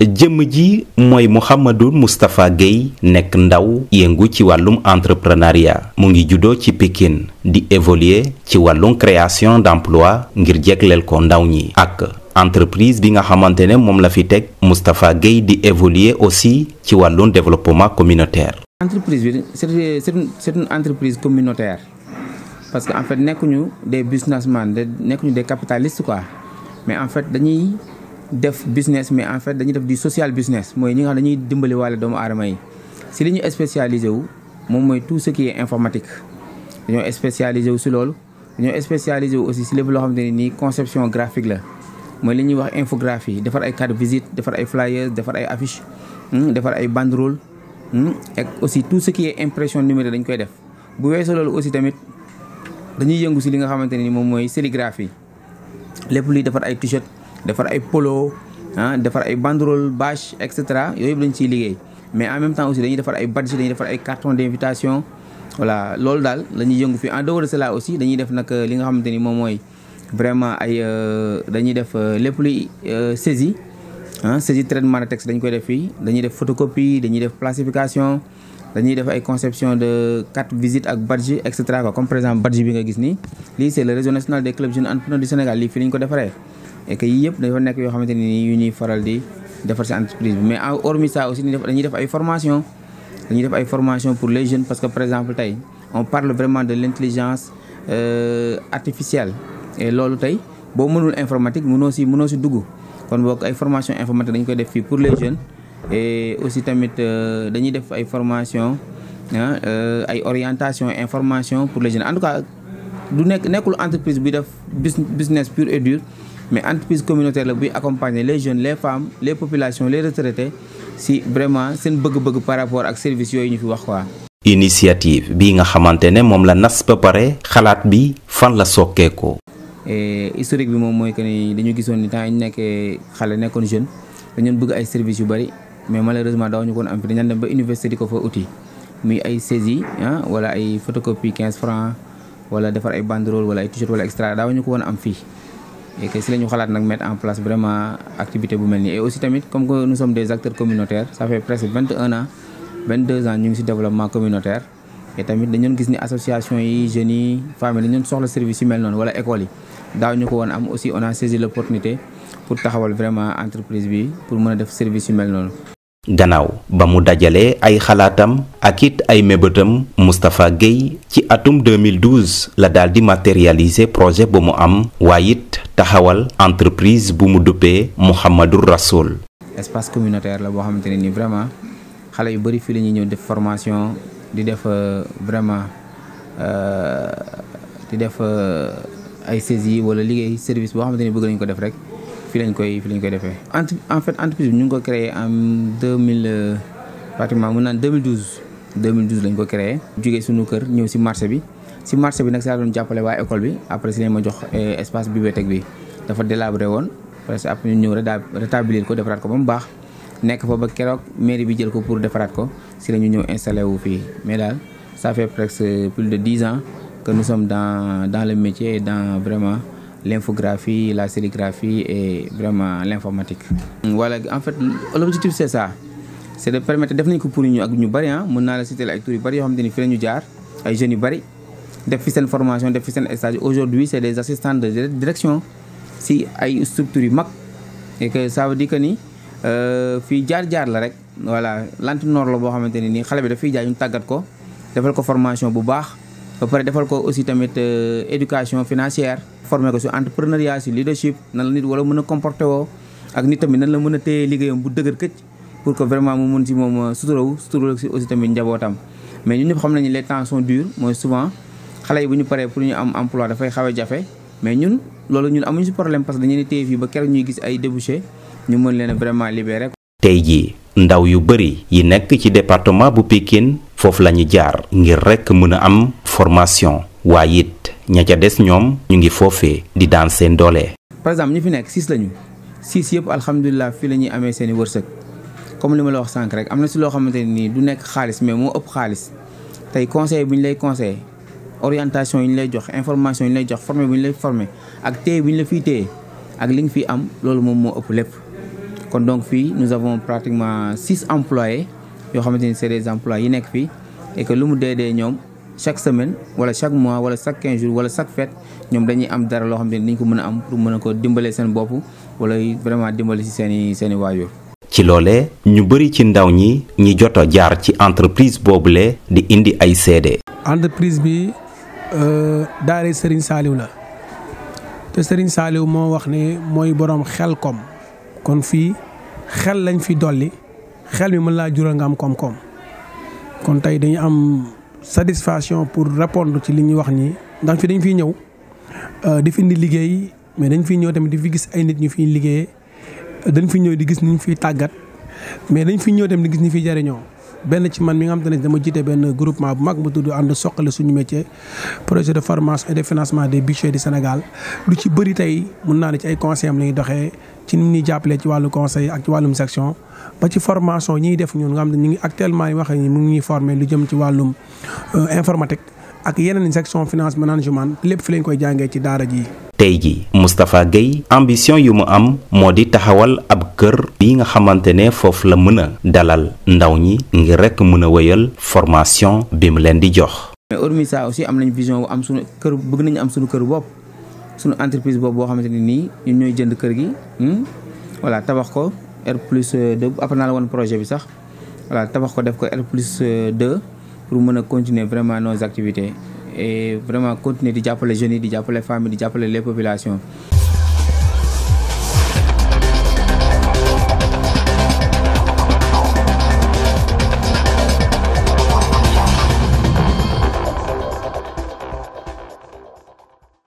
jëmm ji mooy Mouhamadou Moustapha Guèye nekk ndaw yëngu ci wàllum entrepreneuriat mu ngi juddoo ci Pékin di évoluer ci wàllum création d'emploi ngir jegleel ko ndaw ñi ak entreprise bi nga xamante ne moom la fi teg Moustapha Guèye di évoluer aussi ci wàllum développement communautaire. entreprise bi c'est c'est une entreprise communautaire parce que en fait nekkuñu des businessmen nekkuñu des capitalistes quoi mais en fait dañuy. def business mais en fait dañuy def du social business mooy ñi nga xam dañuy dimbali waale doomu aadama yi si li ñu spécialisé wu moom mooy tout ce qui informatique dañoo spécialisé wu si loolu dañoo spécialisé wu aussi si lépp loo xamante ne nii conception graphique la mooy li ñuy wax infographie defar ay carte visite defar ay flyers defar ay affiche hmm, defar ay banderole hmm, ak aussi tout ce qui est impression numérique dañ koy def bu weesoo loolu aussi tamit dañuy yëngu si li nga xamante ne ni moom mooy sérigraphie lépp luy defar ay t defar ay polo ah defar ay banderole bâche et cetera yooyu yëpp lañ ciy liggéey mais en même temps aussi dañuy defar ay badge dañuy defar ay carton d'invitation voilà loolu daal la ñuy yëngu fi en dehors de aussi dañuy def nag euh, li nga xamante ni moom mooy vraiment ay euh, dañuy def euh, lépp luy saisie ah saisie traitement de texte dañ koy def fii dañuy def photocopie dañuy def classification dañuy def ay conception de carte visite ak badge et cetera quoi comme par exemple badge bi nga gis ni lii c'est le réseau national des clubs jeunes entrepreneurs du Sénégal lii fii la ko defaree et que yii yëpp dafa nekk yoo xamante ne nii ñuy faral di defar si entreprise bi mais hormis ça aussi dañuy def ay formation dañuy def ay formation pour les jeunes parce que par exemple tey on parle vraiment de l'intelligence euh, artificielle loolu tey boo mënul informatique mënoo si mënoo si dugg kon boog ay formation informatique dañ koy def pour les jeunes aussi tamit euh, dañuy def ay formation euh, ay orientation information pour les jeunes en tout cas du nekk nekkul entreprise bi def business pur et mais entreprise communautaire la buy accompagner les jeunes les femmes les populations les retraités si vraiment seen bëgg-bëgg par rapport ak service yooyu ñu fi wax quoi. initiative bi nga xamante ne moom la nas ba pare xalaat bi fan la sokkeekoo. historique bi moom mooy que ni dañu gisoon ni temps yi ñu nekkee xale nekkoon jeune dañoon bëgg ay service yu bari mais malheureusement daaw ñu koon am fi dañu dem ba université di ko fa uti muy ay saisie ah wala ay photocopie 15 francs wala defar ay banderole wala ay t-shirt wala extra ñu ko woon am fii. et que la ñu xalaat nag mettre en place vraiment activité bu mel nii et aussi tamit comme que nous sommes des acteurs communautaires ça fait presque vingt un ans vingt deux ans ñu ngi si développement communautaire et tamit dañoon gis ni association yi jeunes yi femmes dañoon soxla service yu mel noonu wala école yi daaw ñu ko woon am aussi on a saisi l'opportunité pour taxawal vraiment entreprise bi pour mën a def service yu mel noonu gannaaw ba mu dajalee ay xalaatam ak it ay mébétam Moustapha Guèye ci atum 2012 la daal di matérialiser projet ba mu am waaye it taxawal entreprise bu mu duppee Mouhamadou Rassoul. espace communautaire la boo xamante ne nii vraiment xale yu bëri fii la ñuy ñëw def formation di def euh, vraiment euh, di def euh, ay saisies wala liggéey service boo xamante ni bëgg nañ ko def rek fi lañ koy fii lañ koy defee. en fait entreprise bi ñu ngi ko créé en deux mille pratiquement mu naan 2012 2012 lañ ko créer jugee suñu kër ñëw si marché bi. si marché bi nag si laa doon jàppale waa école bi après si lañ ma jox eh, espace bibliothèque bi dafa délabré woon presque après ñu ñëw rétablir ko defaraat ko ba mu baax nekk fa ba keroog mairie bi jël ko pour defaraat ko si la ñu ñëw installé wu fii mais daal ça fait presque plus de dix ans que nous sommes dans le métier et dans vraiment l'infographie la sérigraphie et vraiment l'informatique voilà en fait l'objectif c'est ça c'est de permettre def nañ ko pour ñu ak ñu bari ah. la citer ay tur yu bari yoo xam te yu bari def fi seen formation def fi seen stage aujourd'hui c'est des assistants de direction si ay structures yu mag et que ça veut que ni euh, fii jaar-jaar la rek voilà lantinoor la boo xamante ne nii xale bi daf fiy ñu tàggat ko defal ko formation bu baax ba pare defal ko aussi tamit euh, éducation financière former ko si entrepreneuriat si leadership nan la nit wala mën a comporter woo ak nit tamit nan la mën a téye liggéeyam bu dëgër këcc pour que vraiment mu mun si moom euh, suturawu suturawu si aussi tamit njabootam mais ñun ñëpp xam xale yi bu ñu paree pour ñu am emploi dafay xaw a jafe mais ñun loolu ñun amuñu si problème parce que dañu ne téye fii ba keroog ñuy gis ay débouché ñu mën leen vraiment rek tey jii ndaw yu bëri yi nekk ci département bu Pikine foofu la ñu jaar ngir rekk mën a am formation waaye it ña ca des ñoom ñu ngi foofee di daan seen doole. par exemple ñu fi nekk six lañu six yëpp alhamdulilah fii la ñuy amee seeni i wërsëg comme li ma la wax sànq rek am na si loo xamante nii du nekk xaalis mais ëpp xaalis tey conseil bu lay conseillé. orientation yi ñu lay jox information yu ñu lay jox formé bu ñu lay formé ak téye bu ñu la fiy téye ak li nga fi am loolu moom moo ëpp lépp kon donc fii nous avons pratiquement six employés yoo xamante ne c'est des emplois yi nekk fii et que lu mu dee dee ñoom chaque semaine wala chaque mois wala chaque quinze jours wala chaque fête ñoom dañuy am dara loo xamante ni dañ ko mën a am pour mën a ko dimbale seen bopp wala vraiment dimbale si seen i seen i ci loolee ñu bëri ci ndaw ñi ñi jot jaar ci entreprise boobule di indi ay seede Euh, daare Serigne saaliw la te Serigne Saliou moo wax ne mooy boroom xel koom kon fii xel lañ fi dolli xel mi mën laa jural nga am koom-koom kon tey dañu am satisfaction pour répondre ci li ñuy wax nii ndax fi dañ fiy ñëw euh, di fi indi liggéey mais dañ fiy ñëw tamit di fi gis ay nit ñu fiy liggéeyee dañ fi ñëw di gis ñu fiy tàggat mais dañ fi ñëw tamit di gis ñu fiy jariñoo benn ci man mi nga am te ne dama jiite benn groupement bu mag mu tudd ànd soqale suñu métier projet de formation et de financement des bûchers du Sénégal lu ci bëri tey mun naa ne ci ay conseil am la ñuy doxee ci nu ñuy jàppalee ci wàllu conseil ak ci wàllum section ba ci formation ñiy def ñun nga xam ne ñu ngi actuellement yi waxee ni mu ngi ñuy former lu jëm ci wàllum euh, informatique ak yeneen section finance management lépp fi lañ koy jàngee ci daara ji. tey jii Moustapha Guèye ambition yu mu am moo di taxawal ab kër yi nga xamante ne foofu la mën a dalal ndaw ñi ngir rek mën a wéyal formation bi mu leen di jox. mais hormis aussi am nañ vision bu am suñu kër bëgg nañu am suñu kër bopp sunu entreprise bopp boo xamante ne nii ñun ñooy jënd kër gi hmm? voilà tabax ko R plus 2 après naa la woon projet bi sax voilà tabax ko def ko R plus 2. pour mën a continuer vraiment nos activités et vraiment continuer di jàppale jeunes yi di jàppale femmes yi di jàppale les populations